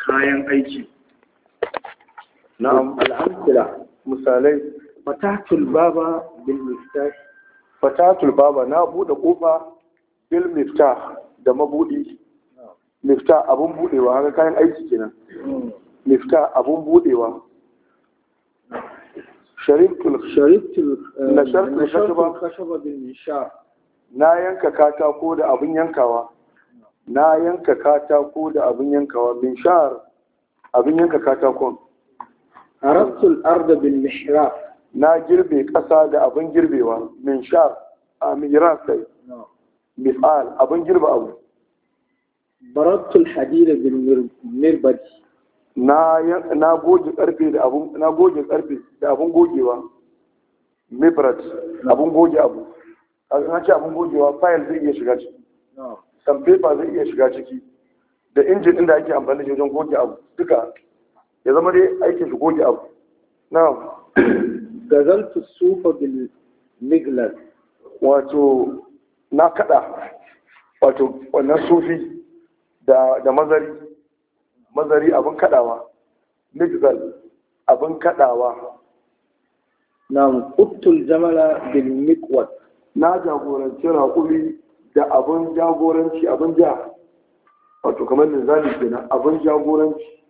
kayan aiki na al'amtila misalai matakin baba bin mustafi fatatul baba na buɗe ƙofa bil miftah da mabuɗi miftah abun buɗewa haka kayan aiki kenan miftah abun buɗewa eh, na sharikul kashaba kashaba bil minshar na yanka katako da abun yankawa na yanka katako da abun yankawa minshar abun yanka katakon harastul arda bil mihraf na girbe ƙasa da abin girbewa min sha a miran sai misal abin girbe abu baratul hadira bil mirbadi na na goge karfe da abun na goge karfe da abun gogewa mibrat abun goge abu an ce abun gogewa file zai iya shiga ciki san paper zai iya shiga ciki da injin inda ake amfani da wajen goge abu duka ya zama dai aikin shi goge abu na'am gazaltu sufa bil miglas wato na kada wato wannan sufi da da mazari mazari abin kadawa migzal abin kadawa na quttul jamala bil miqwat na jagoranci raƙuri da abin jagoranci abin ja wato kamar da zali na, abin jagoranci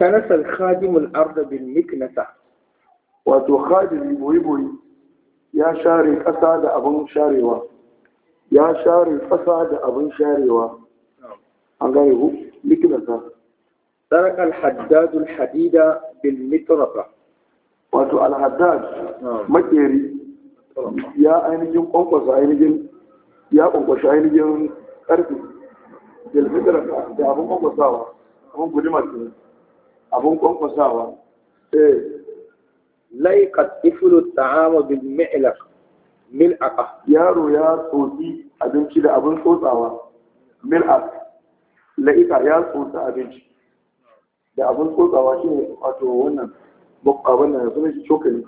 kanasa khadimul arda bil miknasa wato khadimi boyi boyi ya share ƙasa da abin sharewa ya share ƙasa da abin sharewa an gane ku miknasa saraka al-haddad al-hadida bil mitrasa wato al-haddad makeri ya ainihin kwankwasa ainihin ya kwankwasa ainihin ƙarfi bil mitrasa da abin kwankwasawa abin gudumar kenan abun kwankwasawa eh laikat iflu ta'ama bil mi'laq mil aqa yaro ya tsotsi abinci da abin tsotsawa mil aq laika ya tsotsa abinci da abin tsotsawa shine wato wannan bukka wannan sunan shi cokali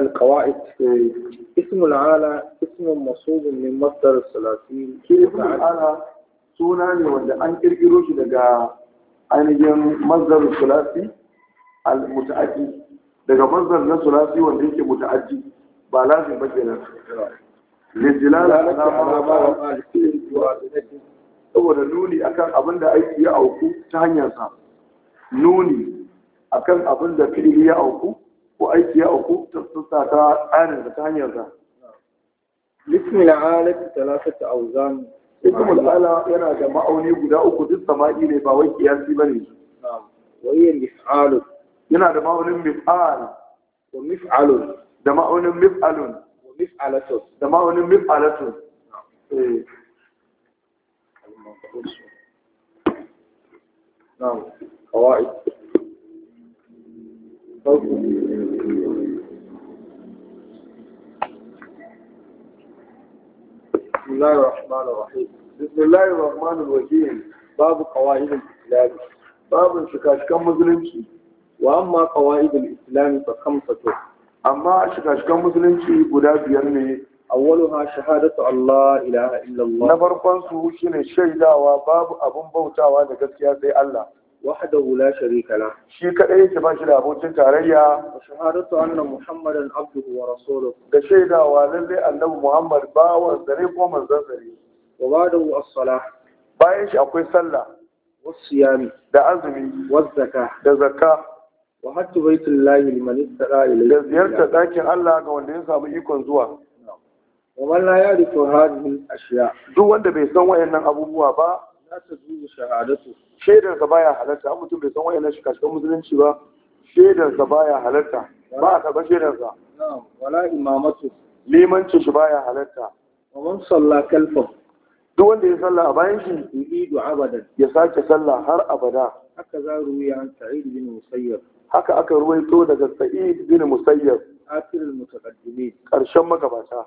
القواعد اسم العالة اسم مصوب من مصدر الثلاثين اسم العالة suna ne wanda an kirkiro shi daga ainihin mazdarin sulasi al-muta'addi daga mazdar na sulasi wanda yake muta'addi ba lazim ba kenan lijilala na maraba saboda nuni akan abin da aiki ya auku ta hanyar sa, nuni akan abin da fili ya auku ko aiki ya auku ta sassa ta tsarin ta hanyar sa bismillah alaikum talatata auzan hikmul ala yana da ma'auni guda uku duk sama'i ne ba wai kiyasi bane waye mif'alun yana da ma'aunin mif'al wa mif'alun da ma'aunin mif'alun wa mif'alatun da ma'aunin mif'alatun eh na'am qawaid بسم الله الرحمن الرحيم بسم الله الرحمن الرحيم باب قواعد الإسلام باب شكاشكا مسلمشي وأما قواعد الإسلام فخمسة أما شكاشكا مسلمشي قدا بيرني أولها شهادة الله إله إلا الله نفرقان سوشين الشيدا وباب أبن بوتا وانا قد الله وحده لا شريك Shi شي كدai yake ba shi da abokin tarayya shahadatu anna muhammadan abduhu wa rasuluhu da shaida wa lalle annabi muhammad bawan dare ko manzon dare wa ba'dahu as sala. bayan shi akwai sallah was-siyami da azumi was-zaka da zakka wa hatta baitullahi liman istara ilayhi da ziyarta dakin Allah ga wanda ya samu ikon zuwa wa man la ya'rifu hadhihi al-ashya duk wanda bai san wayannan abubuwa ba za ta zuwa shahadatu shaidarsa baya halarta an mutum bai san wayannan shikashikan musulunci ba shaidarsa baya halarta ba a karɓar shaidarsa wala imamatu Limanci shi baya halarta wa man salla kalfa duk wanda ya salla a bayan shi yu'idu abadan ya sake salla har abada haka za ruwiya an sa'id bin musayyab haka aka ruwaito daga sa'id bin musayyab akhirul mutaqaddimin karshen magabata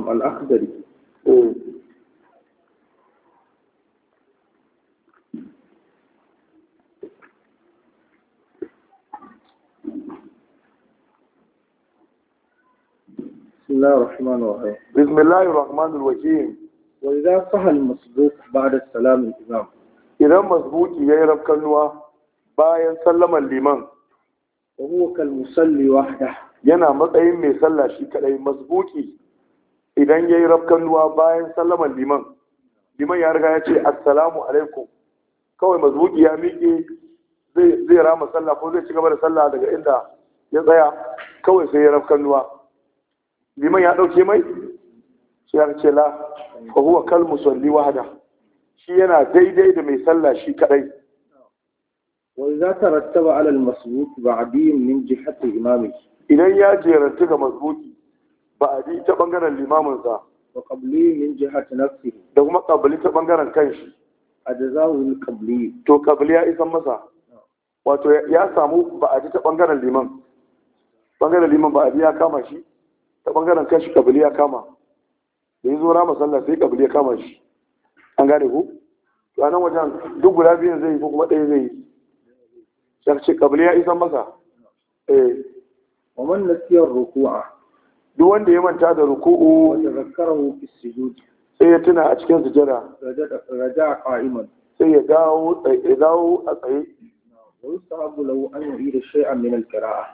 al'akhdari بسم الله الرحمن الرحيم بسم الله الرحمن الرحيم وإذا صح المسبوق بعد السلام الإمام إذا مسبوق يرب كنوا bayan sallaman liman wa huwa kal musalli wahda yana matsayin mai sallah shi kadai masbuki idan ya yi rafkan bayan sallaman liman liman ya riga ya ce assalamu alaikum kawai mazuki ya miƙe zai rama sallah ko zai ci gaba da sallah daga inda ya tsaya kawai sai ya rafkan ruwa liman ya ɗauke mai shi ya ce la fa huwa kal musalli wahda shi yana daidai da mai sallah shi kadai wa idza tarattaba ala al masbuq ba'dihim min jihati imamihi idan ya jerantu ga masbuki ba'adi ta bangaren limaminsa. sa wa qabli min jihati nafsi da kuma qabli ta bangaren kanshi wuri qabli to qabli ya isan masa wato ya samu ji ta bangaren liman bangaren liman ba'adi ya kama shi ta bangaren kanshi qabli ya kama da zo rama sallah sai qabli ya kama shi an gane ku to anan wajen duk guda biyan zai yi ko kuma ɗaya zai yi sai ce ya isan masa eh wa man nasiya ruku'a duk wanda ya manta da ruku'u wanda sai ya tuna a cikin sujada raja sai ya dawo dawo a tsaye an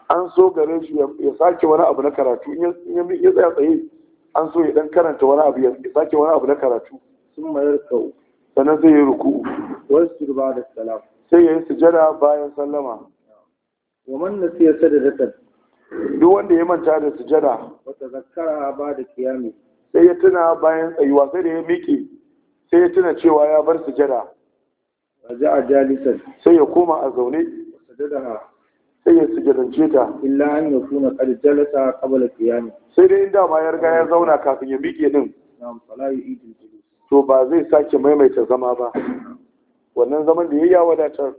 an so gare shi ya sake wani abu na karatu in ya tsaya tsaye an so ya dan karanta wani abu ya sake wani abu na karatu sun mayar kau sannan zai yi ruku wa ba da salam sai ya yi sujada bayan sallama wa man da sadaqatan duk wanda ya manta da sujada wata zakara ba da kiyami sai ya tuna bayan tsayuwa sai da ya miƙe sai ya tuna cewa ya bar sujada ji a jalisan sai ya koma a zaune sai ya sujadance ta illa an ya kuna jalisa jalasa qabla kiyami sai dai in ma ya riga ya zauna kafin ya miƙe din to ba zai sake maimaita zama ba wannan zaman da ya wadatar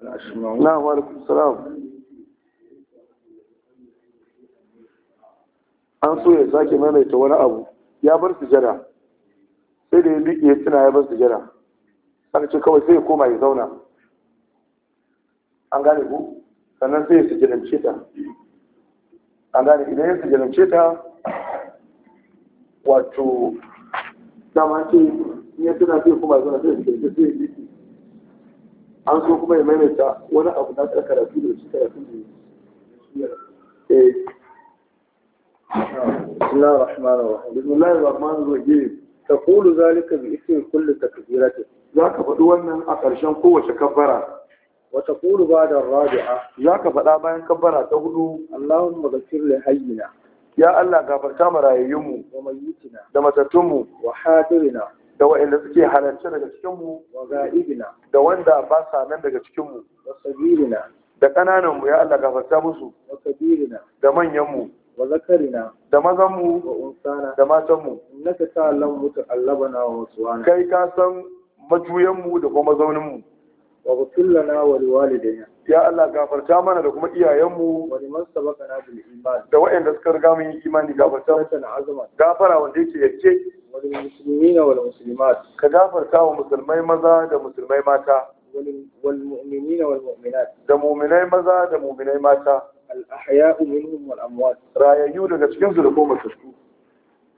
an so ya sake maimaita wani abu ya bar sujada sai da ya liƙe ya tuna ya bar sujada aka ce kawai sai ya koma ya zauna an gane ku sannan sai ya sujadance ta an gane idan ya sujadance ta wato dama ce in ya tuna sai ya koma ya zauna sai ya sujadance sai ya liƙe an so kuma ya maimaita wani abu na tsarkar da su da su karatu da su yi eh bismillah ar-rahman ar-rahim taqulu zalika bi ismi kulli takbirati zaka faɗi wannan a karshen kowace kabbara Wata taqulu ba'da ar-rabi'a zaka faɗa bayan kabbara ta hudu allahumma ghfir li hayyina ya allah gafarta mu da mayyitina da matatunmu wa hadirina da waɗanda suke halarci daga cikinmu da wanda ba sa nan daga cikinmu da ƙanananmu ya Allah gafarta musu da manyanmu da mazanmu da matanmu kai ka san majuyanmu da kuma mazauninmu wa na lana wa liwalidayna ya Allah gafarta mana da kuma iyayenmu wa liman iman da waɗanda suka riga mun yi imani gafarta gafara wanda yake yace wa ka gafarta wa musulmai maza da musulmai mata da mu'minai maza da mu'minai mata al rayayyu daga cikin su da kuma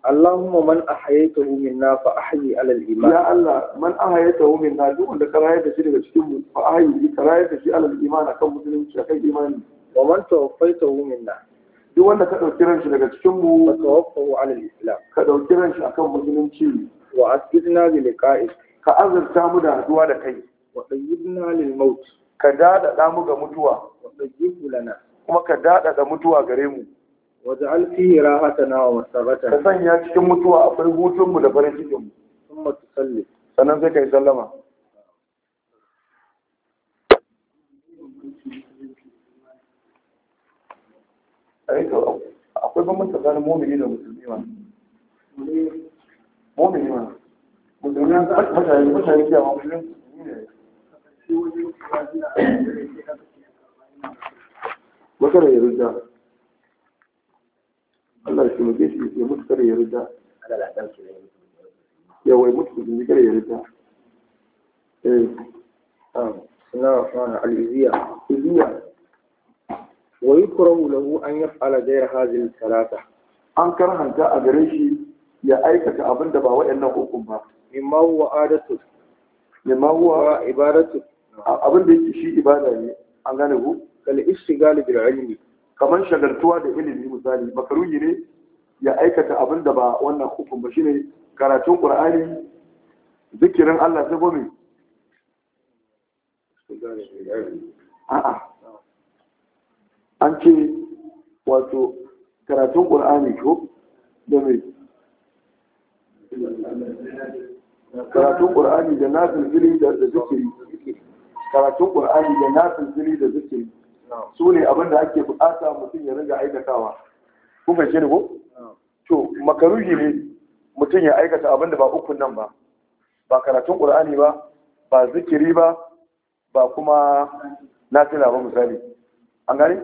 Allahumma man ahyaytahu minna fa ahyi ala al-iman ya Allah man ahyaytahu minna duk wanda ka rayar da shi daga cikin mu fa ahyi ka rayar da shi ala al-iman akan musulunci akan imani wa man tawaffaytahu minna duk wanda ka dauki ranshi daga cikin mu fa tawaffahu ala al-islam ka dauki ranshi akan musulunci wa asqitna bi liqa'ik ka azurta mu da haduwa da kai wa dayyibna lil maut ka dada mu ga mutuwa wa dayyib lana kuma ka dada da mutuwa gare mu waj'al fihi rahatana wa masarratana ka sanya cikin mutuwa akwai hutunmu da farin cikin mu thumma tusalli sannan sai kai sallama akwai bambanta tsakanin momini da musulmi ma momini ma musulmi mutane mutane ke ya musulmi musulmi ne wata da rujja Allah ya taimake shi ya mutu kare ya rida ya wai mutu da kare ya rida eh suna rafana al'iziya iziya wa yukrahu lahu an yi ghayra hadhihi al talata. an karhanta a gare shi ya aikata abin da ba waɗannan hukun ba mimma huwa adatu mimma huwa ibadatu abin da yake shi ibada ne an gane ku kal ishi galibin ilmi kamar shagaltuwa da ilimi misali makaruhi ne ya aikata abin da ba wannan hukun ba Shi ne karatun ƙur'ani zikirin Allah ta gome an ce wato karatun ƙur'ani ko da mai karatun qur'ani da nafil zili da zikiri karatun qur'ani da nafil zili da zikiri su ne abin da ake bukata mutum ya ringa aikatawa kun fahimce ni ko to makaruhi ne mutum ya aikata abin da ba ukun nan ba ba karatun qur'ani ba ba zikiri ba ba kuma tana ba misali an gani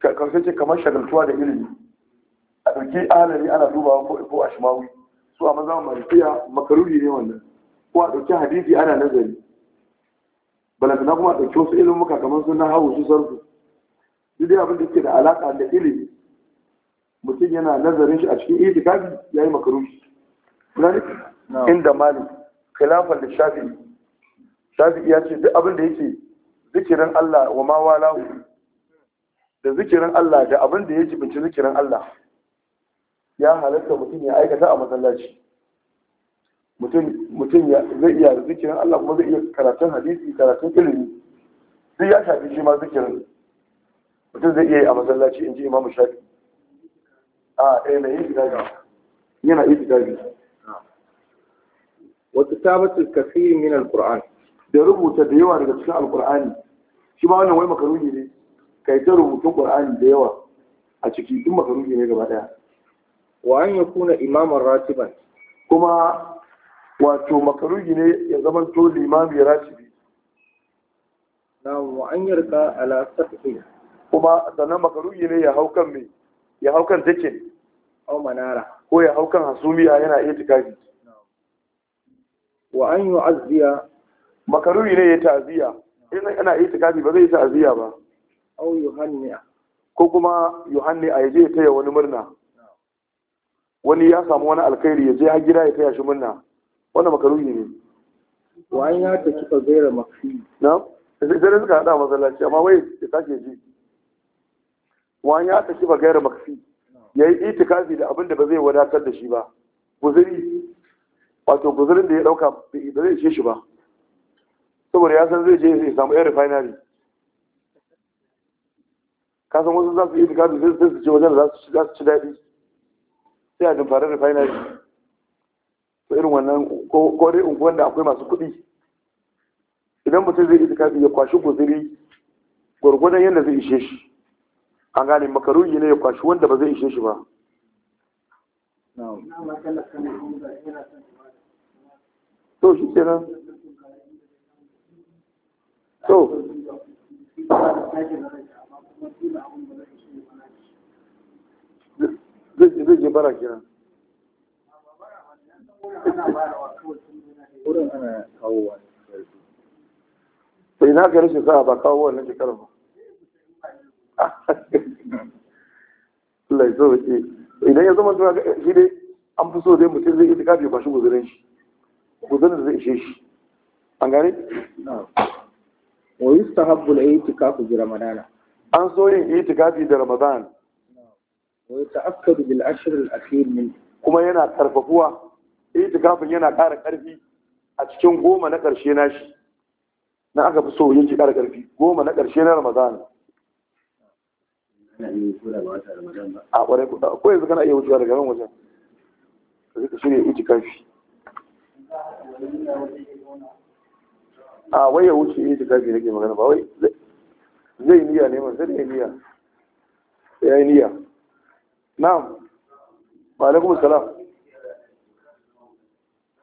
karshe ce kamar shagaltuwa da ilimi a ɗauki alari ana dubawa ko a shimawi su a maza malikiya makaruhi ne wannan ko a ɗauki hadisi ana nazari balantana kuma a ɗauki wasu ilimin kamar sunan hawu su sarfu dai abin da yake da alaka da ilimi mutum yana nazarin shi a cikin itikafi ya yi kulani inda mali khilafar da shafi shafi ya ce duk abin da yake zikirin Allah wa ma walahu da zikirin Allah da abin da yake binci zikirin Allah ya halatta mutum ya aikata a masallaci mutum zai iya zikirin Allah kuma zai iya karatun hadisi karatun ilimi duk ya shafi shi ma zikirin mutum zai iya yi a masallaci in ji imam shafi a ɗaya eh, mai yin yana yi gidabi wata tabbatar kasiri min alkur'an da rubuta da yawa daga cikin Alƙur'ani. shi ma wannan wai makaruni ne kai ta rubutun qur'ani da yawa a ciki duk makaruni ne gaba daya wa an yakuna imaman ratiban kuma wato makaruni ne ya zama to limami ratibi na wa an ala safihi kuma sannan makaruyi ne ya hau kan mai ya hau kan dakin au manara ko ya hau kan hasumiya yana iya tikafi wa an yi azziya makaruyi ne ya ta'ziya in yana iya tikafi ba zai yi ta'ziya ba au yohanniya ko kuma yohanni a yaje ya taya wani murna wani ya samu wani alkhairi ya je har gida ya taya shi murna wannan makaruyi ne wa an ya ta kifa gaira mafi na zai suka hada masallaci amma wai ya sake ji wani ya ta ba gairar makfi ya yi itikafi da abin da ba zai wadatar da shi ba guzuri wato guzurin da ya dauka ba zai ishe shi ba saboda ya san zai je ya samu air refinery ka san wasu za su yi itikafi zai su ce wajen da za su ci daɗi sai a dimfari refinery ko irin wannan ko dai unguwan da akwai masu kuɗi idan mutum zai itikafi ya kwashi guzuri gwargwadon yadda zai ishe shi an gane makaruhi ne ya kwashi wanda ba zai ishe shi ba to shi ke nan to zai je bara kira sai na ga rashin sa ba kawo wannan shekarar ba Allah ya so ke idan ya zama zuwa shi dai an fi so dai mutum zai ita kafi kwashi guzurin shi guzurin zai ishe shi an gane? wa yi ta habbu da yi tikafi da ramadana an so yin yi tikafi da ramadan wa yi ta afkadu bil ashirin al'akhir min kuma yana karfafuwa yi tikafin yana ƙara ƙarfi a cikin goma na ƙarshe na shi na aka fi so yin shi ƙara ƙarfi goma na ƙarshe na ramadana. a kwarai kuɗa ko yanzu kana iya wucewa daga nan wajen ka zika shirya iji kafi a wai ya wuce iji kafi nake magana ba wai zai niyya neman zai yi niyya ya yi niyya na'am wa alaikum salam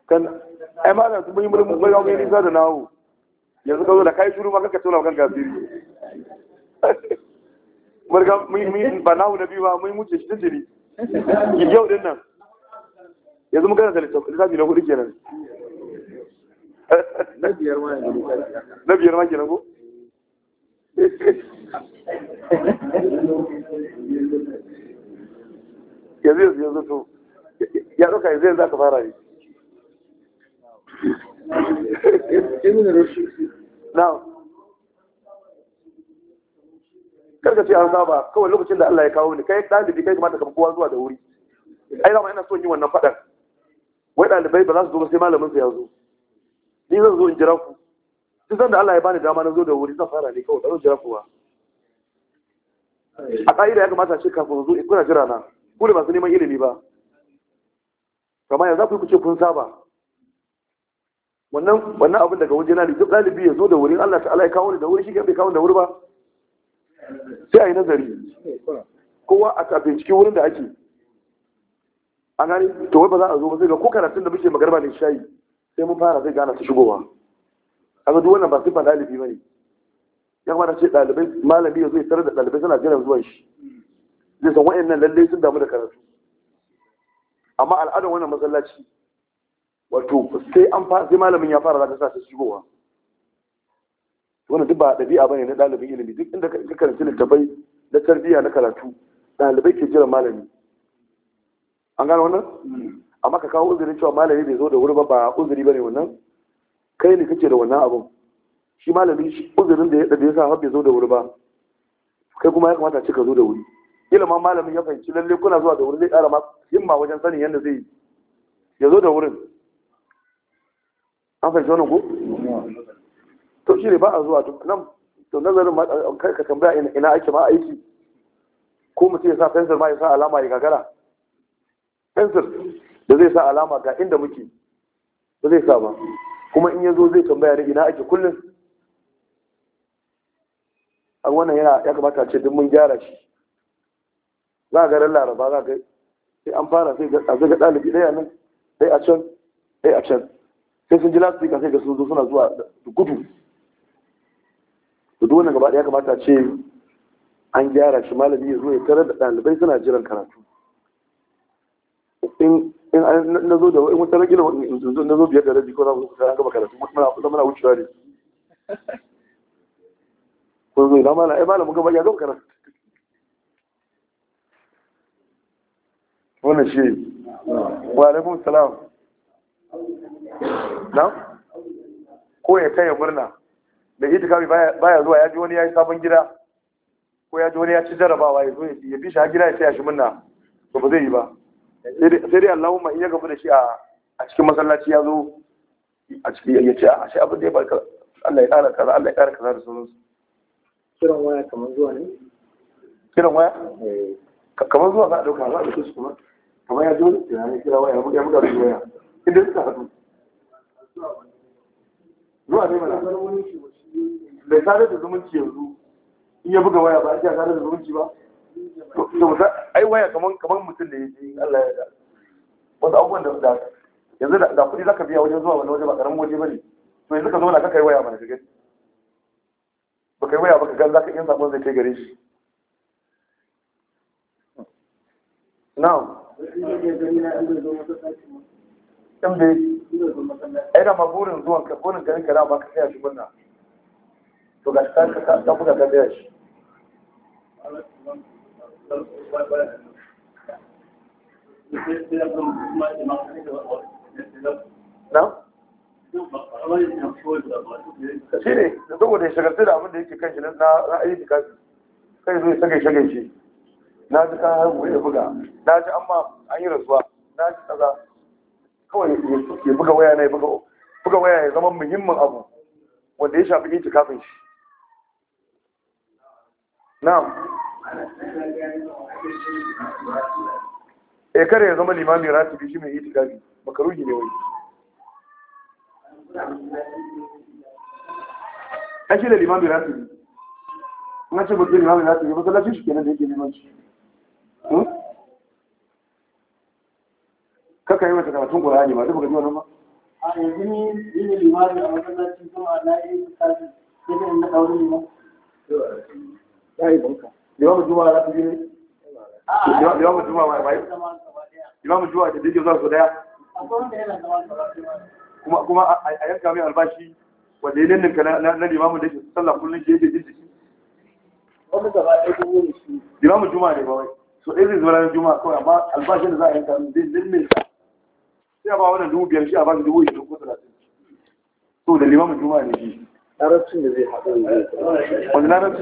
kan ai malam sun yi mulkin gwaiwa mai nisa da nawo yanzu ka zo da kai shuru ma kanka tona kanka asiri murga mun ba na biyu ba mun mutu shi tijiri yau din nan yanzu mun karanta littafi na hudu kenan na biyar ma na kenan ko yanzu yanzu yanzu to ya ɗauka yanzu yanzu aka fara ne karka ce an saba kawai lokacin da Allah ya kawo ni kai ɗalibi kai kamata ka kowa zuwa da wuri ai zama ina son yin wannan faɗan wai ɗalibai ba za su zo sai malamin su ya zo ni zan zo in jira ku duk sanda Allah ya bani dama na zo da wuri zan fara ne kawai da zo jira ku ba a ƙa'ida ya kamata ce kafin zo kuna jira na ku da masu neman ilimi ba kamar yanzu ku ce kun saba wannan abin daga wajen na ne duk ɗalibi ya zo da wuri, Allah ta'ala ya kawo ni da wuri shi kan bai kawo da wuri ba sai a yi nazari kowa a binciki wurin da ake a gani to wai ba za a zo ba zai ga ko karatun da muke magarba ne shayi sai mun fara zai gana su shigowa ga duk wannan ba sifa dalibi bane ya kamata ce dalibai malami ya zo ya da dalibai suna jiran zuwan shi zai san wa'in nan lallai sun damu da karatu amma al'adar wannan masallaci wato sai an sai malamin ya fara zaka sa ta shigowa wannan duk ba ɗabi'a bane na ɗalibin ilimi duk inda ka karanci littafai na tarbiyya na karatu ɗalibai ke jiran malami an gano wannan hmm. amma ka kawo uzuri cewa malami bai zo da wuri ba ba uzuri bane wannan kai ne kake da wannan abun shi malami shi uzurin da ya da ya sa har bai zo da wuri ba kai kuma ya kamata ce ka zo da wuri ilimin malamin ya fahimci lalle kuna zuwa da wuri zai ƙara ma himma wajen sanin yadda zai ya zo da wurin an fahimci wannan ko hmm. to shi ne ba a zuwa nan to nazarin kai ka tambaya ina ake ma aiki ko mutum ya sa fensir ma ya sa alama ya gagara fensir da zai sa alama ga inda muke ba zai sa ba kuma in ya zo zai tambaya ne ina ake kullum a wannan yana ya kamata ce duk mun gyara shi za a garin laraba za a ga sai an fara sai a zaga ɗalibi ɗaya nan ɗaya a can ɗaya a can sai sun ji lasu sai ga sun zo suna zuwa gudu dole gaba ɗaya kamata ce an gyara shi malami ya zo ya tarar da ɗalibai suna jiran karatu in na zo da in wata ragina na zo biyar da rabi ko za mu kusa an gaba karatu kuma muna wucewa ne ko zo zama na, ai malam gaba ya gaba karatu wannan shi wa alaikum salam na ko ya kaya murna mai itikafi baya zuwa ya ji wani ya yi sabon gida ko ya ji wani ya ci jarabawa ya zo ya bi shi gida ya taya shi munna to ba zai yi ba sai dai Allahumma in ya gabu da shi a cikin masallaci ya zo a cikin ya ce a shi abin da ya barka Allah ya kara kaza Allah ya kara kaza da sauransu kiran waya kamar zuwa ne kiran waya eh. kamar zuwa za a dauka, za a ɗauke su kuma kamar ya zo da ya kira waya ya buga waya inda suka haɗu zuwa ne mana mai sadar da zumunci yanzu in ya buga waya ba a sadar da zumunci ba ai waya kamar mutum da ya ji Allah ya da wasu abubuwan da da yanzu da kuɗi zaka biya wajen zuwa wani waje ba karamin waje bane to yanzu ka zauna ka kai waya mana ka gani ba kai waya ba ka gani zaka iya sabon zai kai gare shi na'am in bai ai da ma burin zuwan ka burin garin ka da ba ka kai shi gurna to ga ta ta buga ta da shi na? shi ne da saboda ya shagarci da abin da yake kan shi na ra'ayi da kafi kai zo ya sake shi na ji kan haihu ya buga na ji amma an yi rasuwa na ji kaza kawai ya buga waya na ya buga waya ya zama muhimmin abu wanda ya shafi itikafin shi na'am Eh, kare ya zama limamin ratibi shi mai itikafi makaruhi ne wai an shi da limamin ratibi an ce mutum limamin ratibi masallacin shi kenan da yake neman shi hmm? kaka yi mata karatun ƙura'ani ba duk gaji wannan ba a yanzu ni yin limamin a masallacin kuma na yi itikafi sai da inda ɗaurin limamin ɗalibinka limamu ne limamu da so irin zuwa ranar kawai amma albashin da za a yanka zai ninninka sai ba wannan dubu biyar shi a ba dubu ishirin ko talatin so da limamun juma'a ne shi larabcin da zai haɗu wani larabci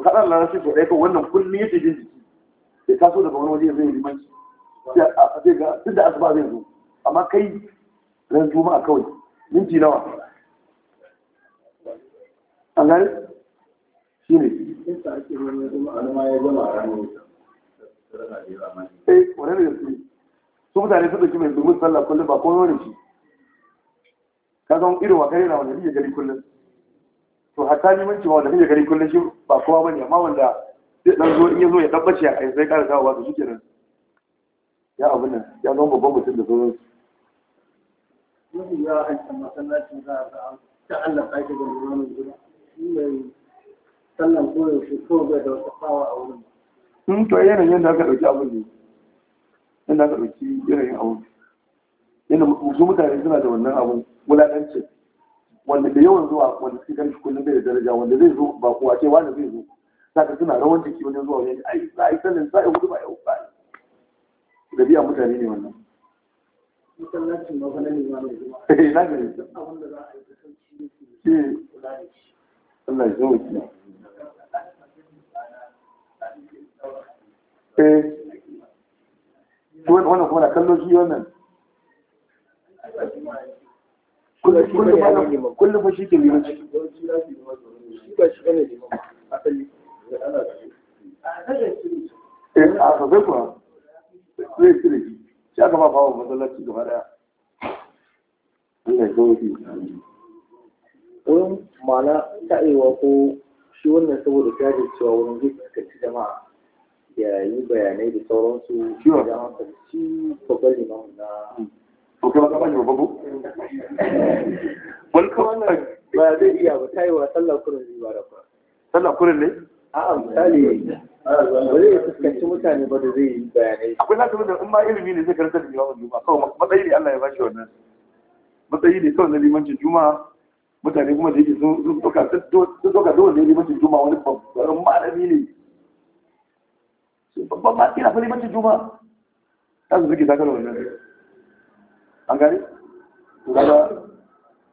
ku haɗa larabci to ɗaya kan wannan kullum yake jin jiki ya taso daga wani waje ya zai limanci sai ga duk da asuba zai zo amma kai ran juma'a kawai minti nawa an gani shi ne eh wani ne yanzu? su mutane su ɗauki mai domin sallah kullum ba kowa ne shi ka zan irin wa kare na wanda ya gari kullum to hatta neman cewa wanda kake gari kullum shi ba kowa ba ne amma wanda zai dan zo in ya zo ya tabbace a a sai ƙara dawowa to shikenan ya abin nan ya zama babban mutum da sauran su ya yawa hancan masallacin za a Allah ka shi da wani gida mai sallan shi ko bai da wata fawa a wurin in hmm, to yanayin yadda aka ɗauki abin ne yadda aka ɗauki yanayin abu. mutane suna da wannan abin wulaƙancin wanda da yawan zuwa wanda suke gan shi kullum bai da daraja wanda zai zo ba kuwa ce wanda zai zo saka suna rawan jiki wajen zuwa wajen ai za a yi sallan sa ya yi hudu ba yau ba da biya mutane ne wannan eh, eh. eh. wannan kuma na kallon shi wannan kullum fa shi ke liman ciki eh, a sabai kuwa zai cire shi aka ba bawa masallaci gaba daya wurin ma'ana ta'ewa ko shi wannan saboda jajircewa wurin zai fuskanci jama'a ya yi bayanai da sauransu da hankali shi babban liman na hmm. to kai ba ka bashi wani kawai ba zai iya ba ta yi wa sallah kurin zuwa da ba sallah kurin ne a'a misali ba zai fuskanci mutane ba da zai yi bayanai akwai na kamar da in ba ilimi ne zai karanta da limamin juma'a kawai matsayi ne Allah ya bashi wannan matsayi ne kawai na limancin juma mutane kuma da yake sun doka dole ne limancin juma wani babban malami ne babban ma ina fa limancin juma. ta su suke takar wannan an gane to kaga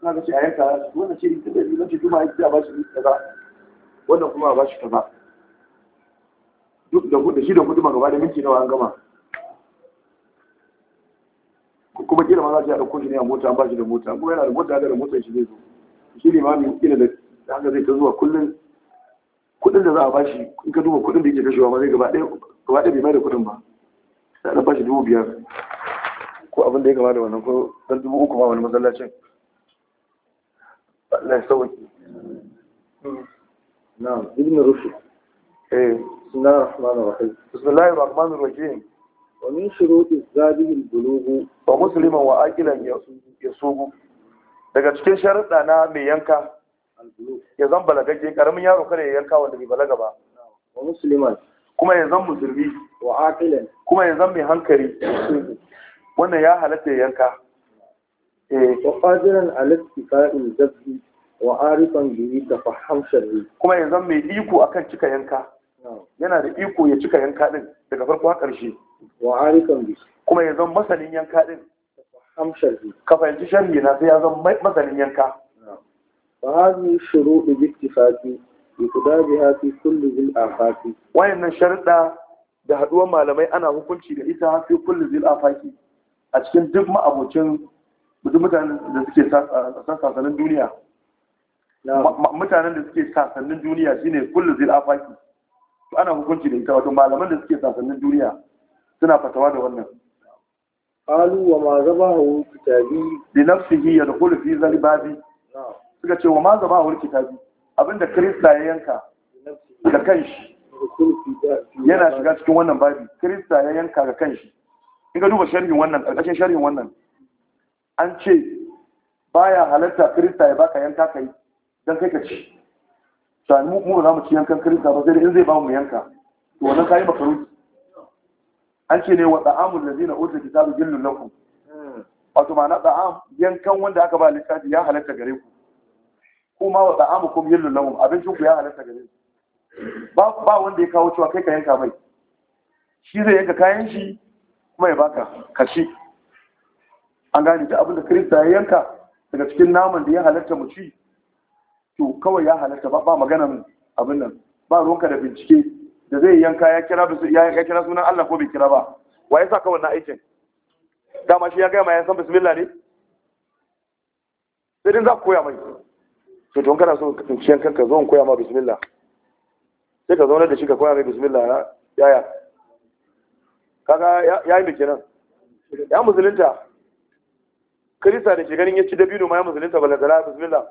na ga ce a yanka wannan ce tun da zan ce juma'a ya ba shi kaza wannan kuma ba shi kaza duk da shi da kudu gaba da minti nawa an gama kuma kila ma za su yi a ɗauko shi ne a mota an ba shi da mota kuma yana da mota da motar shi zai zo shi ne ma mai kila da haka zai ta zuwa kullum kudin da za a bashi in ka duba kudin da yake kashewa ma zai gaba ɗaya bai mai da kudin ba sai a bashi dubu biyar ko abin da ya kama da wannan ko dan dubu uku ba wani matsalacin Allah ya sauki na'am ibn rushd eh bismillahir rahmanir rahim bismillahir rahmanir rahim wa min shuruti zabihi al-bulugh wa musliman wa aqilan yasubu daga cikin sharuɗa na mai yanka ya zan balagagge karamin yaro kare ya yanka wanda bai balaga ba wa musliman kuma ya zan musulmi wa aqilan kuma ya zan mai hankali wannan ya halatta ya yanka eh, wa qadiran ala istifa'il zabbi wa arifan bihi tafahham shar'i kuma yanzu mai iko akan cika yanka yana da iko ya cika yanka din daga farko har ƙarshe wa arifan bihi kuma yanzu masanin yanka din tafahham shar'i ka fahimci shar'i na sai ya zama masanin yanka fa hadhihi shuru'u bi ittifaqi yuqdabiha fi kulli zil afaqi wayannan sharuda da haɗuwar malamai ana hukunci da ita fi kulli zil afaqi a cikin duk ma'abocin duk mutanen da suke sasannin duniya mutanen da suke sasannin duniya shine kullu zil afaki to ana hukunci da ita wato malaman da suke sasannin duniya suna fatawa da wannan qalu wa ma zabahu kitabi bi nafsihi yadkhulu fi zalibabi suka ce wa ma zabahu kitabi abinda krista ya yanka da kanshi yana shiga cikin wannan babi krista ya yanka ga kanshi in ga duba sharhin wannan ƙarƙashin sharhin wannan an ce baya halatta kirista ya baka yanka kai don kai ka ci sani mu ba za mu ci yankan kirista ba sai da in zai ba mu yanka to wannan kayi makaruki an ce ne wa da'amul ladina utul kitabu jillun lakum wato ma'ana da'am yankan wanda aka ba littafi ya halatta gare ku kuma wa da'amukum jillun lakum abincin ku ya halatta gare ku ba ba wanda ya kawo cewa kai ka yanka mai shi zai yanka kayan shi kuma ya baka kashi an gane da abin da kirista ya yanka daga cikin naman da ya halatta mu ci to kawai ya halatta ba maganan abin nan ba ruwanka da bincike da zai yanka ya kira ya kira sunan Allah ko bai kira ba wa yasa kawai na aikin dama shi ya gaya ma ya san bismillah ne sai din za ku koya mai to don kana so ka tunci yankan ka zo in koya ma bismillah sai ka zauna da shi ka koya mai bismillah yaya kaga ya yi mai nan. ya musulunta kirista da ke ganin ya ci dabino ma ya musulunta ba lantana bismillah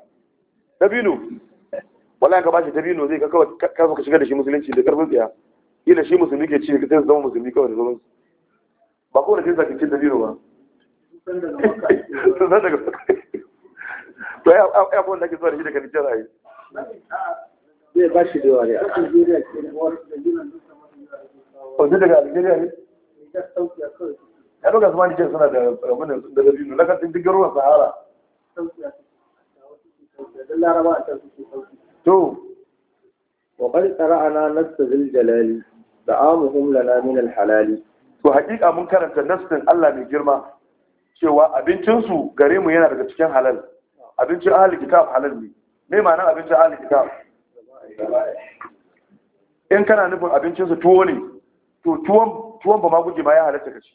dabino wallahi ka bashi dabino zai ka kawai ka shiga da shi musulunci da karfin tsiya Ina shi musulmi ke ci ka zama musulmi kawai da zaman ba kowane kirista ke ci dabino ba sun san daga to ya abubuwan da ake zuwa da shi daga nijar a yi zai bashi da yawa ne oh, a cikin daga algeria ne ya ɗauka su ma nijar suna da abin da dabino na kan duk ruwan sahara to وقد قرأنا نص ذي da دعامهم لنا من الحلال to hakika mun karanta nastin Allah mai girma cewa abincinsu gare mu yana daga cikin halal abincin ahli kitab halal ne me ma'anar abincin ahli kitab in kana nufin abincinsu tuwo ne to tuwon tuwon ba ma guje ma ya halatta ka ci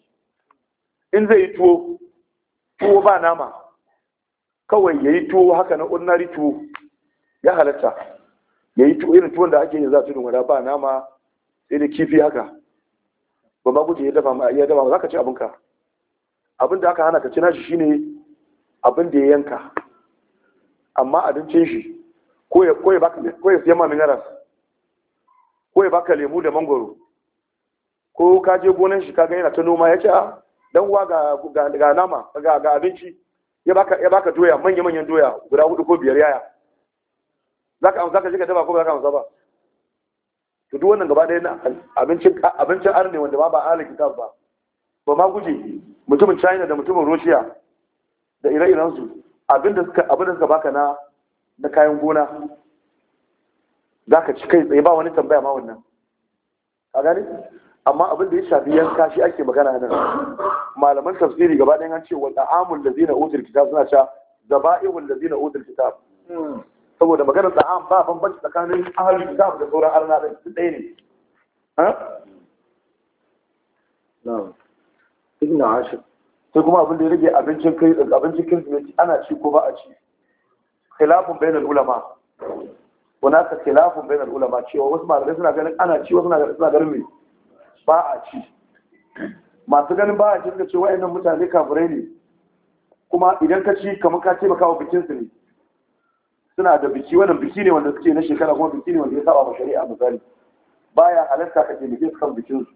in zai yi tuwo tuwo ba nama kawai ya yi tuwo haka na ordinary tuwo ya halatta ya yi tuwo irin tuwon da ake yin za su wada ba nama sai da kifi haka ba ma guje ya dafa ma ya dafa ma za ka ci abinka abin da aka hana ka ci shi shine abin da ya yanka amma abincin shi ko ya baka ko ya siya ma minerals ko ya baka lemu da mangoro ko ka je gonan shi ka gani yana ta noma ya ce a ah, dan uwa ga ga nama ga abinci ya baka doya manyan manyan doya guda hudu ko biyar yaya zaka amsa ka je ka daba ko ba ka amsa ba to duk wannan gaba ɗaya abinci abincin arne wanda ba ba ahli kitab ba ba ma guje mutumin China da mutumin Russia da ire-iren su abinda suka abinda suka baka na na kayan gona zaka ci kai tsaye ba wani tambaya ma wannan a gani amma abin da ya shafi yanka shi ake magana nan malaman tafsiri gaba ɗaya an ce wa da'amul ladina utul kitab suna cewa zaba'ihul ladina utul kitab hmm. saboda magana da'am ba bambanci tsakanin ahlul kitab da sauran arna da su ɗaya ne na'am ibn ashir sai kuma abin da ya rage abincin kai abincin kirsimeti ana ci ko ba a ci khilafun bainal ulama wana ka khilafun bainal ulama cewa wasu malamai suna ganin ana ci wasu suna ganin me ba a ci masu ganin ba a ci suka ce wa'annan mutane kafirai ne kuma idan ka ci kamar ka ce baka wa bikin su ne suna da biki wannan biki ne wanda suke na shekara kuma biki ne wanda ya saba ma shari'a misali baya halatta ka ce biki kan bikin su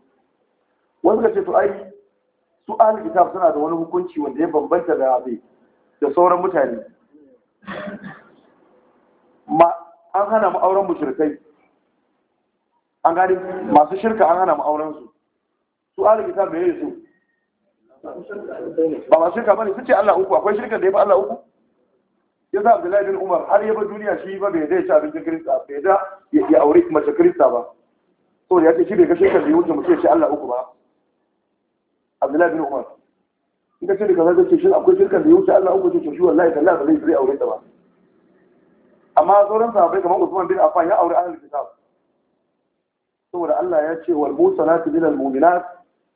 wani ka ce to ai su ahli kitab suna da wani hukunci wanda ya bambanta da abe da sauran mutane ma an hana mu auren mushrikai an gari masu shirka an hana ma'auransu su ala kitab da yi su ba masu shirka bane su ce Allah uku akwai shirka da ya fi Allah uku ya za Abdullahi bin Umar har ya duniya shi ba bai dai ci abincin Kirista bai da ya aure mace Kirista ba so ya ce shi bai ga shirka da ya wuce mace ya Allah uku ba Abdullahi bin Umar in ka ce daga zai ce shi akwai shirka da ya wuce Allah uku ce shi wallahi tallahi ba zai aure ta ba amma sauran bai kamar Usman bin Affan ya aure ahlul kitab saboda Allah ya ce wal musanatu minal mu'minat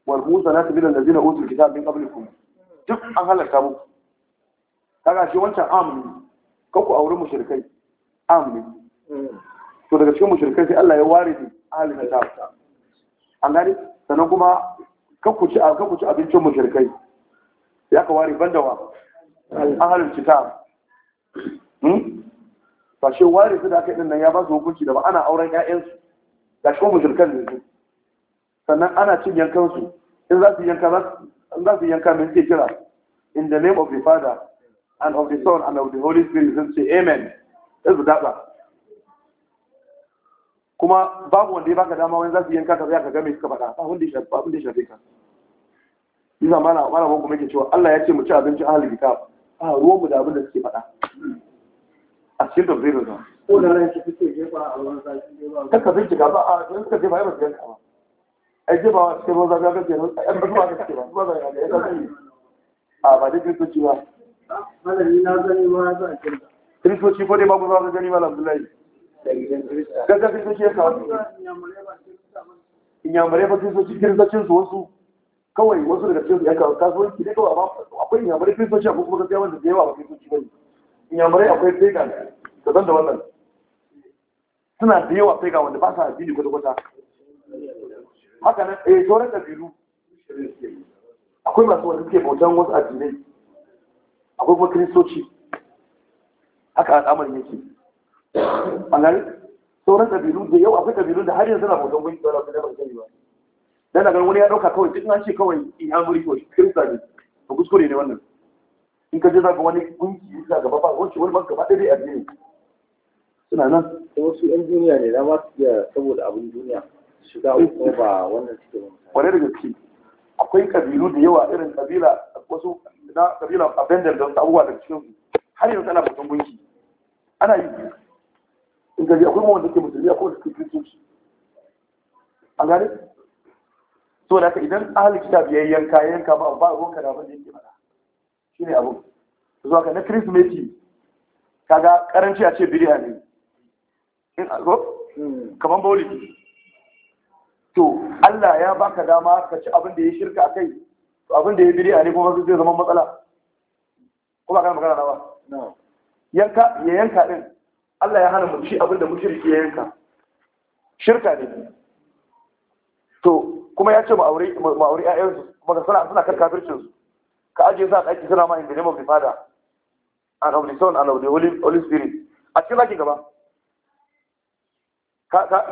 wal musanatu minal ladzina utul kitab min qablikum duk an halaka mu kaga shi wancan amni ka ku aure mushrikai amni to daga cikin mushrikai sai Allah ya ware ni ahli kitab an gani sannan kuma ka ku ci ka ku ci abincin mushrikai ya ka ware banda wa ahli kitab hmm ba shi ware su da aka yi nan ya ba su hukunci da ba ana auren ƴaƴansu ga cikin mushrikan da sannan ana cin yankansu in za su yanka za su yanka min ke kira in the name of the father and of the son and of the holy spirit sun ce amen sai su datsa kuma babu wanda ya baka dama wani za su yanka ka tsaya ka ga suka faɗa ba wanda ya shafe ka yi zamana malamin kuma yake cewa Allah ya ce mu ci abinci ahalin kitab a mu da abin da suke faɗa a cikin ko da ran shi a ruwan zafi ba a in suka jefa ba su ba a cikin zafi ai ga ba ya a ba dai kristoci ba malami na gani ma ba gani gaga kristoci ya kawo ba kristoci kristocin wasu kawai wasu daga cikin su ya kawo kasuwanci ne kawai akwai inyamurai kristoci a kuma gaskiya wanda da yawa ba kristoci ba ne inyamurai akwai pagan da zan da wannan suna da yawa pagan wanda ba sa addini kwata-kwata haka nan eh sauran kabilu akwai masu wanda suke bautan wasu addinai akwai kuma kiristoci haka al'amarin yake ɓangare gani sauran kabilu da yau akwai kabilu da har yanzu na bautan wani abu da ban sani ba dan da wani ya dauka kawai duk na ce kawai in amuri ko kirista ne ba kuskure ne wannan in ka je zaka wani kungi za gaba ba wani wani ba gaba ɗaya ne addini suna nan da wasu yan duniya ne na masu iya saboda abin duniya shiga uku ba wannan suke ba kwarai da gaske akwai kabilu da yawa irin kabila wasu na kabila abendar da abubuwa daga cikin su har yanzu ana batun gunki ana yi in ka je akwai mawanda ke musulmi akwai wanda ke kristoci an gane so da haka idan ahalin kitab ya yanka ya yanka ba ba ruwan ka da abin da yake mana shine abu zuwa ka na kirismeti kaga karanci a ce biliya ne in azo hmm. kaman maulidi to Allah ya baka dama ka ci abin da ya shirka a kai to abin da ya biliya ne kuma zai zama matsala ko ba kana magana na ba yanka ya yanka din Allah ya hana mu ci abin da mu shirki ya yanka shirka ne to kuma ya ce mu ma'auri ayyansu kuma suna suna karkafircin su ka ajiye sa a ɗaki suna ma in the name of the father and of the son and of the holy spirit a cikin ɗakin gaba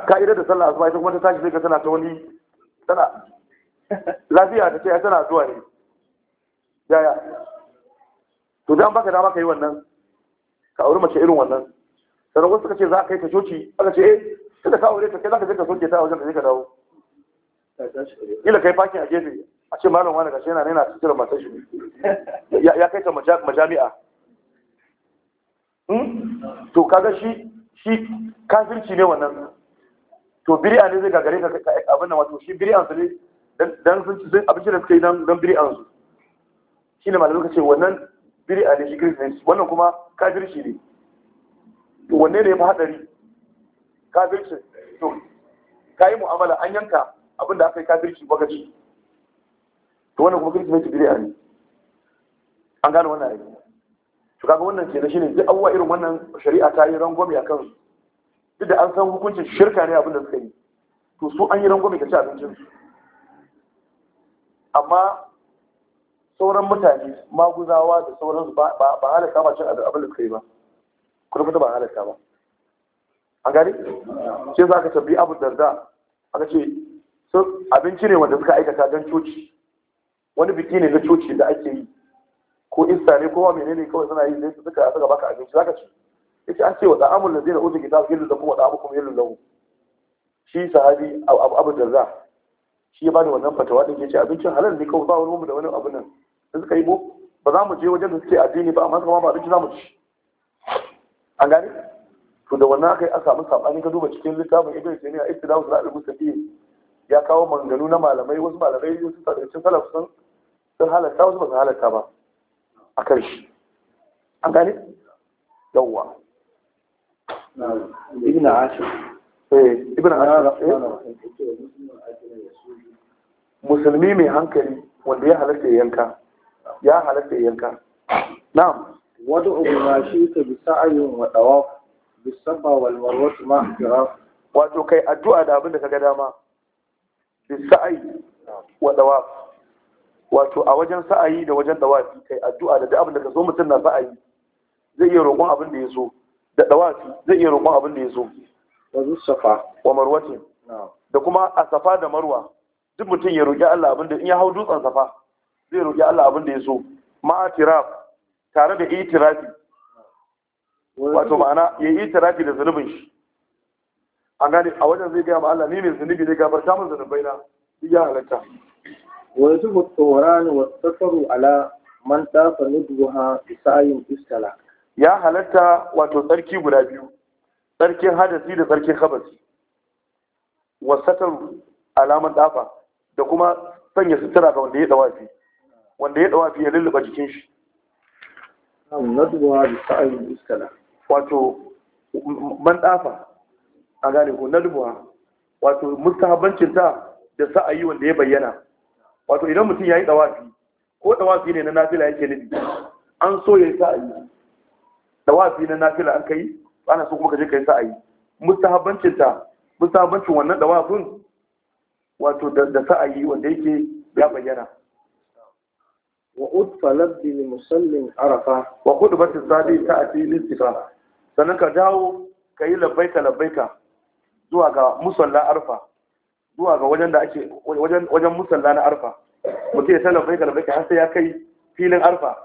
ka idar da sallah asuba ita kuma ta tashi sai ka tana ta wani tana lafiya ta ce tana zuwa ne yaya to dan baka dama ka yi wannan ka auri mace irin wannan sannan wasu suka ce za ka yi ta coci aka ce eh kada ka aure ka kai za ka je ka soke ta a wajen da zai ka dawo ila kai fakin a gefe a ce malam wani gashi yana nuna sutura matar shi ya kai ta majami'a hmm? to kaga shi shi kafirci ne wannan to biri'a ne zai gagare ka abin da wato shi biri an ne dan sun abinci da suka yi dan biri'an su shi ne malamai ka wannan biri ne shi kiristanci wannan kuma kafirci ne to wanne ne ya fi haɗari kafirci to ka yi mu'amala an yanka abin da aka yi kafirci wakaci to wannan kuma kirki kirkimeti bid'a ne an gano wannan ayi to kaga wannan kenan shine duk awwa irin wannan shari'a ta yi rangwame a kansu duk da an san hukuncin shirka ne abin da suka yi to su an yi rangwame ka ci abincin su amma sauran mutane maguzawa da sauran su ba ka ba cin abin da suka yi ba kuma kuma ba ka ba an gani sai za ka tambayi abu darda aka ce abinci ne wanda suka aikata don coci wani biki ne na coci da ake yi ko insta ne ko menene kawai suna yi ne su suka suka baka abinci zaka ci yace an ce wa da'amul ladina utu kitab yallu lakum wa da'amukum yallu lahu shi sahabi abu abu za. shi ya bani wannan fatawa din yace abincin halal ne kawai ba wani mu da wani abu nan sai suka yi mu ba za mu je wajen da suke addini ba amma kuma ba abinci za mu ci an gane to da wannan aka yi aka samu sabani ka duba cikin littafin ibn taymiya ibtidaus al-mustaqim ya kawo manganu na malamai wasu malamai wasu tsadacin salaf sun sun halarta wasu ba halarta ba a kan shi an gane yawwa ibina ashir eh ibn eh. musulmi mai hankali wanda ya halatta yanka ya halarta yanka na'am wata ubuna shi ta bi sa'ayin wa dawaf bi sabba wal marwat wato kai addu'a da abin da ga dama bisa sa'ayi wadawa wato a wajen sa'ayi da wajen dawafi kai addu'a da duk abin da ka zo mutum na sa'ayi zai iya roƙon abin da ya so da dawafi zai iya roƙon abin da ya so wa safa wa marwati da kuma a safa da marwa duk mutum ya roƙi Allah abin da in ya hau dutsen safa zai roƙi Allah abin da ya so ma'atiraf tare da itirafi wato ma'ana ya yi itirafi da zunubin shi an gane a wajen zai gaya ma Allah ni mai zunubi ne gafarta min zunubai na ya halatta ويجب الطوران والسفر على man dafa nudruha bi sa'in istala ya halatta wato tsarki guda biyu tsarkin hadasi da tsarkin khabasi wa sataru alaman dafa da kuma sanya sutura ga wanda ya dawafi wanda ya dawafi ya lulluɓa jikin shi nudruha bi sa'in istala wato man dafa a gane ko nudruha wato mustahabbancin ta da sa'ayi wanda ya bayyana wato idan mutum ya yi ɗawafi ko ɗawafi ne na nafila yake nufi an so ya yi sa'ayi ɗawafi na nafila an kai ana so kuma ka je ka yi sa'ayi mustahabbancin ta mustahabbancin wannan ɗawafin wato da sa'ayi wanda yake ya bayyana wa utfa labdi li musallin arafa wa khutbatu sadi ta'ati listifa sannan ka dawo ka yi labbaika labbaika zuwa ga musalla arfa zuwa ga wajen da ake wajen wajen musalla na arfa mutum ya talabai talabai har sai ya kai filin arfa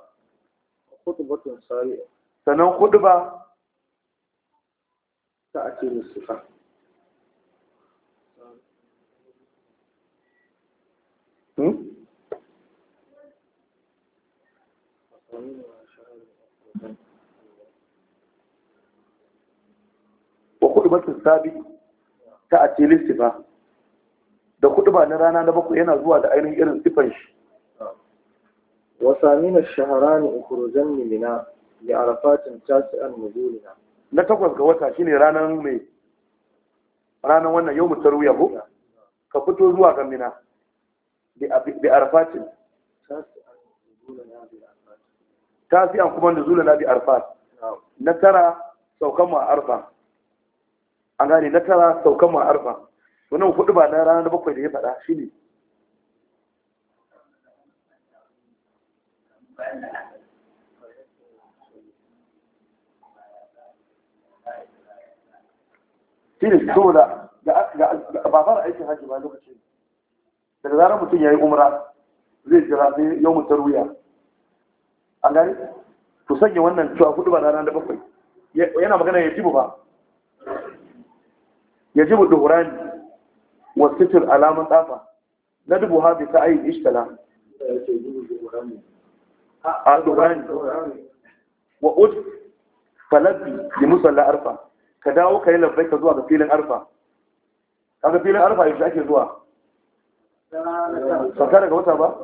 sannan hudu ba ta ake musufa hmm? wa hudu ba ta sabi ta ake lissafa da kudu ba na rana na bakwai yana zuwa da ainihin irin sifan shi wasamina shaharani ukurujan milina da arafatin tasi'an nuzulina na takwas ga wata shine ranar mai ranar wannan yau wuya ko. ka fito zuwa ga mina da arafatin an kuma na bi arafat. na tara saukan ma arfa an gane na tara saukan ma arfa wannan hudu ba na ranar bakwai da ya faɗa shi ne shi ne saboda ba fara aikin hajji ba lokacin daga zarar mutum ya yi umra zai jira sai yau mutar wuya an gani to sanya wannan cewa hudu ba ranar da bakwai yana magana ya jibu ba ya jibu duhurani wa sitir alaman tsafa na dubu ha bi ta'ayin ishtala a durani wa ud falabbi li musalla arfa ka dawo ka yi labbai ka zuwa ga filin arfa kaga filin arfa yaushe ake zuwa sauka daga wata ba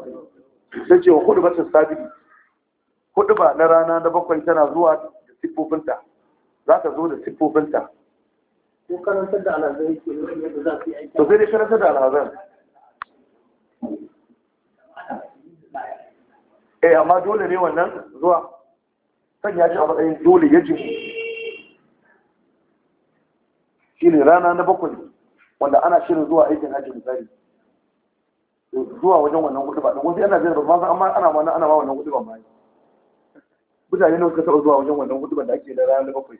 sai ce wa hudu ba sabili hudu na rana na bakwai tana zuwa da siffofinta za ta zo da siffofinta ko karantar da alhazan ke nufin yadda za su yi aiki to sai dai karantar da alhazan eh amma dole ne wannan zuwa kan ya ji a matsayin dole ya ji shi ne rana na bakwai wanda ana shirin zuwa aikin hajji misali zuwa wajen wannan kudu ba wasu yana zai ba amma ana ma ana ma wannan kudu ba ma mutane ne suka taɓa zuwa wajen wannan ba, da ake da rana na bakwai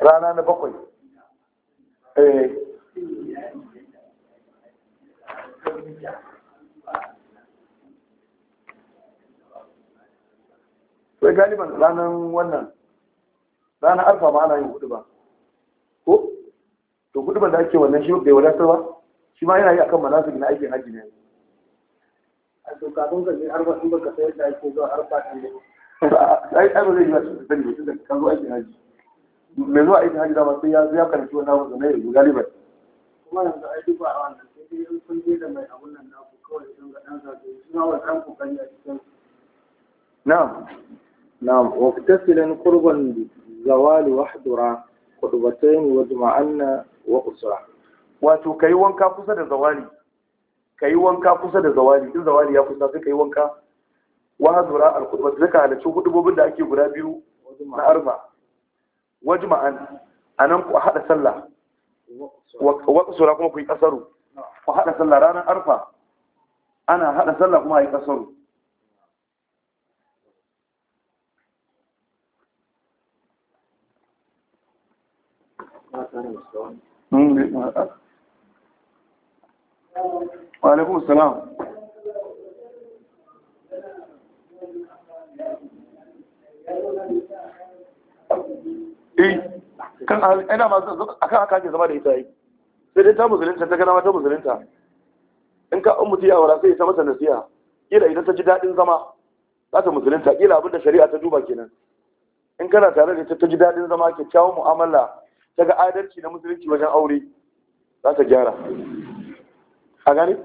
rana na bakwai eh sai galiban ranar wannan ranar alfa ma ana yin hudu ba ko to hudu da ake wannan shi bai wadatar ba shi ma yana yi akan manasik na aikin hajji ne a to kafin ka je arba in baka sayar da ake zuwa arba ɗin ne ai arba zai yi wasu da kan zo aikin hajji mai zuwa aikin hajji dama sai ya ya karanci wannan abu zama yanzu galiban kuma yanzu ai duk ba a wannan sai dai kun je da mai abun nan naku kawai sun ga dan zage shi ma wannan kokari a cikin na'am na'am wa tasilan qurban zawali wahdura qudbatayn wa juma'anna wa usra wato kai wanka kusa da zawali kai wanka kusa da zawali in zawali ya kusa sai kai wanka wahdura al-qudbat zaka halarci hudubobin da ake guda biyu na arba wajma'an anan ku haɗa sallah waƙasura kuma ku yi ƙasaru ku haɗa sallah ranar arfa ana haɗa sallah kuma a yi ƙasaru وعليكم السلام eh kan haka ake zama da ita yi sai dai ta musulunta ta gana ta musulunta in ka mutu ya wara sai ta masa nasiha kila idan ta ji daɗin zama za ta musulunta kila abinda shari'a ta duba kenan in kana tare da ita ta ji daɗin zama kyakkyawan mu'amala ta ga adalci na musulunci wajen aure za ta gyara a gani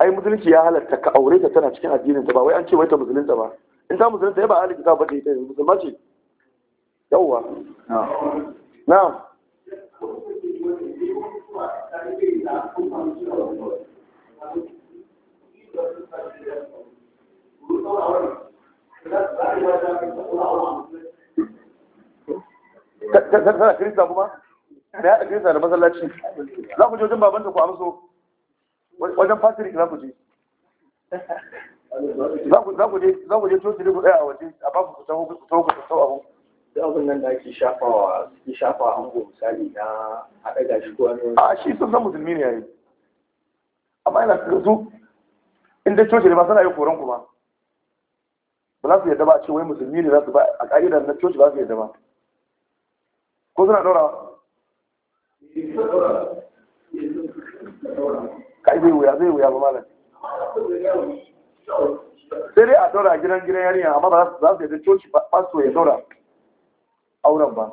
ai musulunci ya halatta ka aure ta tana cikin addinin ta ba wai an ce wai ta musulunta ba in ta musulunta ya ba ahli kitab ba ta yi ta musulma ce yawwa na'am tana kirista kuma da ya kirista da masallaci za ku je wajen babanta ku amso wajen fasirik za ku je za ku je coci ne ku tsaya a waje a ba ku ku ku taho ku taho abu duk abin nan da ake shafawa suke shafa ango misali na a ɗaga shi ko wani a shi sun san musulmi ne yayi amma yana da su in dai coci ne ba suna yin koran ku ba ba za su yadda ba a ce wai musulmi ne za su ba a ƙa'ida na coci ba su yadda ba ko suna ɗora kai zai wuya zai wuya ba malam sai dai a ɗora gidan gidan yarinya amma ba za su yadda coci ba su ya ɗora auren ba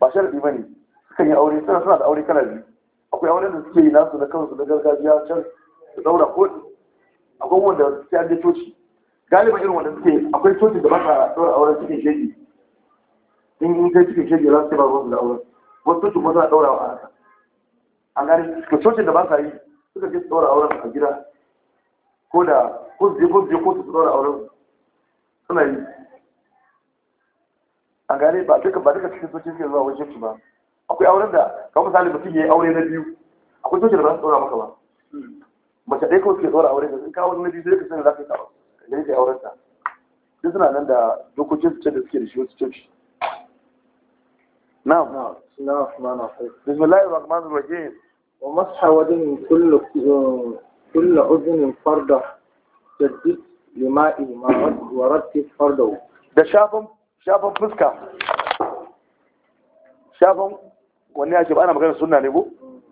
ba sharadi ba ne sukan yi aure suna suna da aure kala biyu akwai auren da suke yi nasu da kansu da gargajiya can su daura ko akwai wanda suke an toci galiba irin wanda suke akwai toci da ba ta daura auren cikin shege in in kai cikin shege za su ba su da auren wasu toci kuma za a daura a haka an gani, to tocin da ba sa yi suka je su daura auren a gida ko da ko su je ko su daura auren su. suna yi a gane ba duka ba duka cikin zuwa wajen ba akwai auren da kamar misali mutum ya yi aure na biyu akwai soci da ba su tsora maka ba mace ɗaya kawai suke tsora aure da sun kawo na biyu sai ka sani za ka yi kawo da yake auren ta duk suna nan da dokokin su ce da suke da shi wasu coci na'am bismillahir rahmanir rahim wa kullu kullu farda lima'ihima wa rattif fardahu da shafan shafan fuska shafan wani ya ce ba ana magana sunna ne ko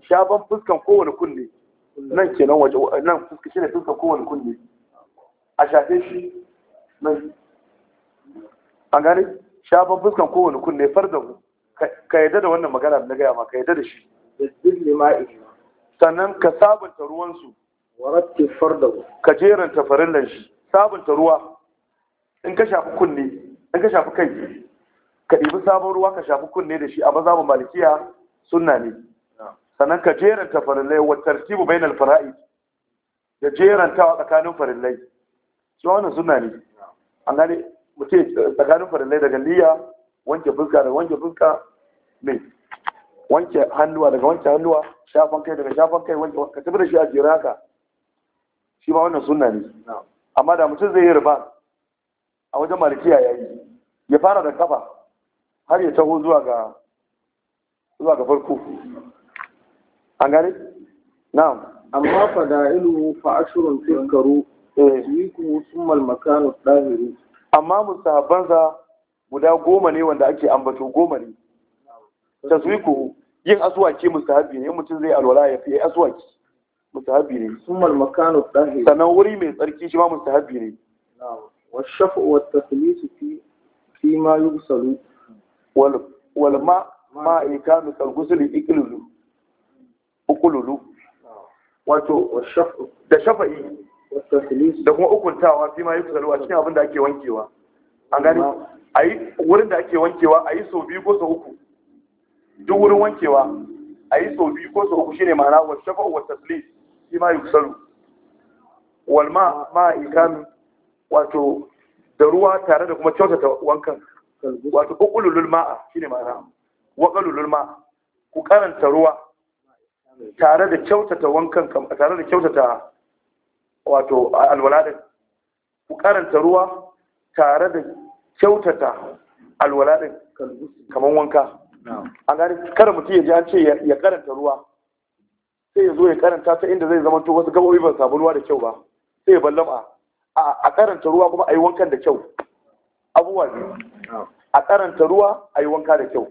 shafan fuskan kowane kunne nan kenan waje nan fuska shine fuskan kowane kunne a shafe shi nan an gane shafan fuskan kowane kunne fardahu ka yadda da wannan magana da na gaya ma ka yadda da shi sannan ka sabunta ruwansu ka jeranta farillan shi sabunta ruwa in ka shafi kunne in ka shafi kai ka ɗibi sabon ruwa ka shafi kunne da shi a mazabin malikiya sunna ne sannan ka jeranta farillai wa tartibu bainal fara'i ya jerantawa tsakanin farillai shi wannan sunna ne an gane mutum tsakanin farillai daga liya wanke fuska daga wanke fuska mai wanke hannuwa daga wanke hannuwa shafan kai daga shafan kai wanke ka tafi da shi a jira haka shi ma wannan sunna ne amma da mutum zai yi riba a wajen malikiya ya yi ya fara da kafa har ya taho zuwa ga zuwa ga farko an gane na'am amma fada'ilu fa yi tukaru eh. yukum summal makanu dahiru amma musahabansa guda goma ne wanda ake ambato goma ne taswiku yin musta mustahabi ne mutum zai alwala ya fi asuwaki. mustahabi ne summal makanu tahir sannan wuri mai tsarki shi ma mustahabi ne wa shafa'u wa taslisu fi fi ma yugsalu wal wal ma ma ikanu kal gusli iklulu ukululu wato da shafa'i da kuma ukuntawa fi ma yugsalu a cikin abin da ake wankewa an gani ayi wurin da ake wankewa ayi sau biyu ko sau uku duk wurin wankewa ayi sau biyu ko sau uku shine ma'ana wa shafa'u wa taslisu shi ma yuksalu walma ma ma wato da ruwa tare da kuma kyautata wankan wato uqulul ma'a shine ma'ana waqalul ma'a ku karanta ruwa tare da kyautata wankan tare da kyautata wato alwaladin ku karanta ruwa tare da kyautata alwaladin kaman wanka an gani kada mutum ya ji an ce ya karanta ruwa sai ya zo ya karanta ta inda zai to wasu gabobi ban samu ruwa da kyau ba sai ya ballama a karanta ruwa kuma a yi wankan da kyau abubuwa biyu a karanta ruwa a yi wanka da kyau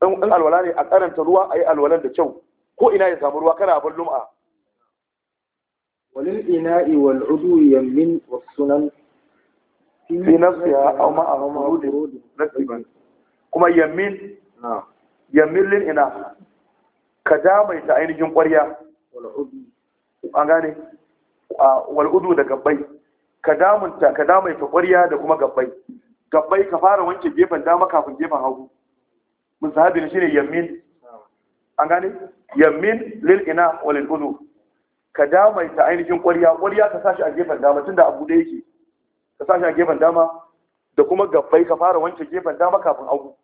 in alwala ne a karanta ruwa a yi alwalan da kyau ko ina ya samu ruwa kana abin lum'a walil ina'i wal udu yammin was fi nafsiha aw ma ahum kuma yammin yammin lin ina ka damaita ainihin ƙwarya an gane wal'udu da gabbai ka damunta ka damaita ƙwarya da kuma gabbai gabbai ka fara wanke gefen dama kafin gefen hagu mun haɗin shi ne yammin an gane yammin lil ina ka lil udu ka damaita ainihin ƙwarya ƙwarya ka shi a gefen dama tun da abu da yake ka shi a gefen dama da kuma gabbai ka fara wanke gefen dama kafin hagu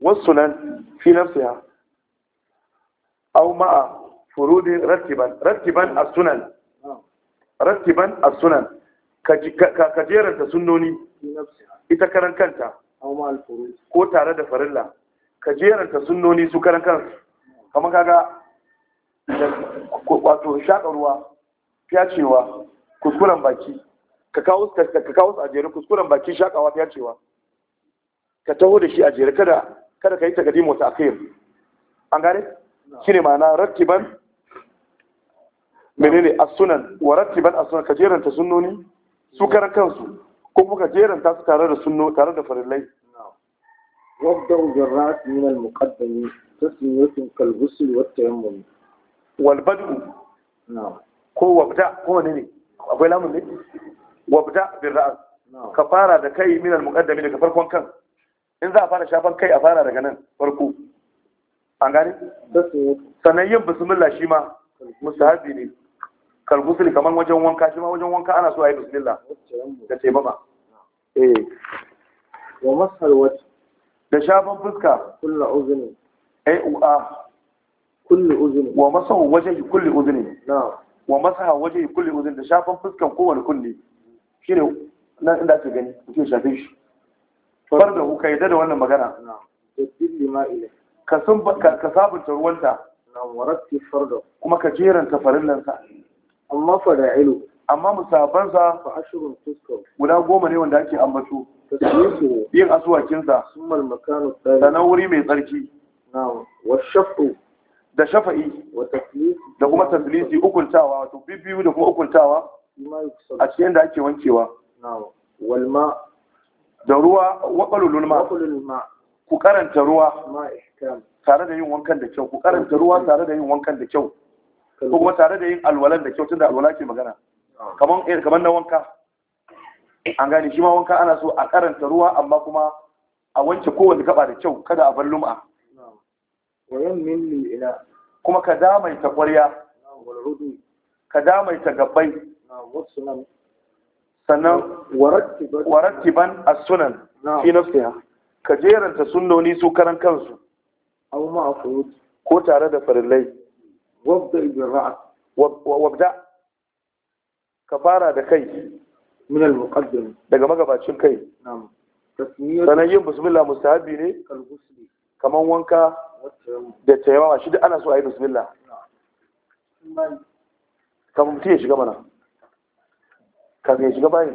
wasu nan fi nafsiha أو مع furudin رتبا رتبا السنن رتبا السنن ka كان كانت أو مع الفروض ko tare da farilla ka jeranta sunnoni su karan kansu kaga fiyacewa kuskuren baki ka kawo a jere kuskuren baki shakawa fiyacewa ka taho da shi a jere kada kada ka yi an shine ma'ana rattiban menene as-sunan wa rattiban as-sunan ka jeranta sunnoni su karan kansu ko kuma ka jeranta su tare da sunno tare da farillai wabda'u jarrat min al-muqaddami tasmiyatun kal-ghusl wa tayammum wal bad'u ko wabda ko ne ne akwai lamun ne wabda bil ra'as ka fara da kai min al-muqaddami daga farkon kan in za a fara shafan kai a fara daga nan farko an gani sannan yin bismillah shi ma mustahabi ne kalgusul kamar wajen wanka shi ma wajen wanka ana so a yi bismillah da mama eh wa masal wajh da shafan fuska kullu uzni ai eh, uwa kullu uzuni. wa masal wajhi kullu uzni na'am wa masaha wajhi kullu uzuni da shafan fuskan kowane kulli shine nan inda ake gani mutum shafe shi farda ku kai da wannan magana na'am da ma ilai ka sabunta ruwanta na waratti farda kuma ka jeranta farillansa amma fada'ilu amma musabansa fa ashrun tuskar guda goma ne wanda ake ambato yin asuwakinsa summal makanu sanan wuri mai tsarki na wa shafu da shafa'i da kuma tafilisi ukuntawa wato bibiyu da kuma ukuntawa a cikin da ake wankewa walma da ruwa waƙalulun ma ku karanta ruwa tare da yin wankan da kyau ku karanta ruwa tare da yin wankan da kyau ko kuma tare da yin alwalan da kyau tunda alwala ke magana kaman eh kaman na wanka an gane shi ma wanka ana so a karanta ruwa amma kuma a wanke kowanne gaba da kyau kada a bar lum'a wayan minni ila kuma ka damaita ƙwarya ka damaita gabbai sannan warattiban as-sunan fi nafsiha ka jeranta sunnoni su karan kansu aw ma ko tare da farillai wabda bil ra'at wabda ka fara da kai min al muqaddim daga magabacin kai na'am sanan yin bismillah mustahabi ne kaman wanka da tayawa shi duk ana so a yi bismillah kamar mutum shiga mana kamun ya shiga bayin.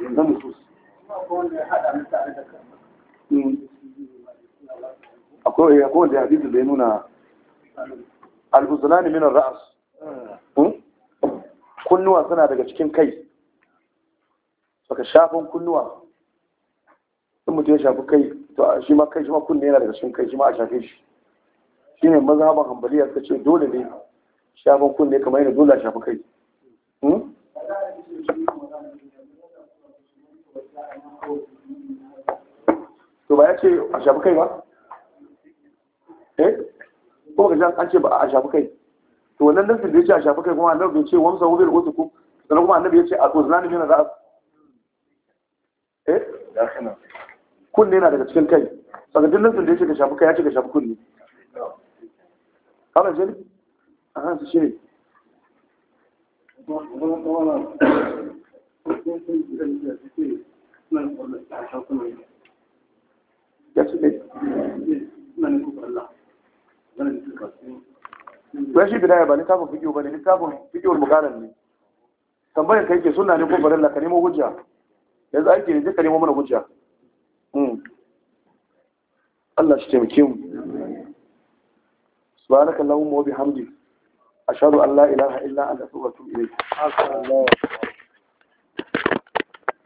na hmm. akwai wanda ya hadisi bai nuna al-uzulani min ar hmm? kunnuwa suna daga cikin kai saka shafin kunnuwa Sun mutu ya shafi kai to shi ma kai shi ma kunne yana daga cikin kai shi ma a shafe shi Shi shine mazhaban hanbaliya suka ce dole ne shafin kunne kamar yana dole a shafi kai hmm? to ba ya ce a shafi kai ba eh ko ga an ce ba a shafi kai to wannan nufin da ya ce a shafi kai kuma annabi ya ce wamsa wubil ku sannan kuma annabi ya ce a tsozinani ne na za'a eh kunne na daga cikin kai saka duk nasin da ya ce ka shafi kai ya ce ka shafi kunne kawai jini a hansu shi ne Thank you. That's okay. Ba shi bidaya ba littafin fiƙiyo ba ne, littafin fiƙiyar mukarar ne. Tambayar ka yake suna ne ko farilla ka nemo hujja. Yanzu aiki ne duka nemo mana hujja. Hmm. Allah shi taimake mu. Subhanakallahumma wa bihamdik. أشهد أن لا إله إلا أنت أتوب إليك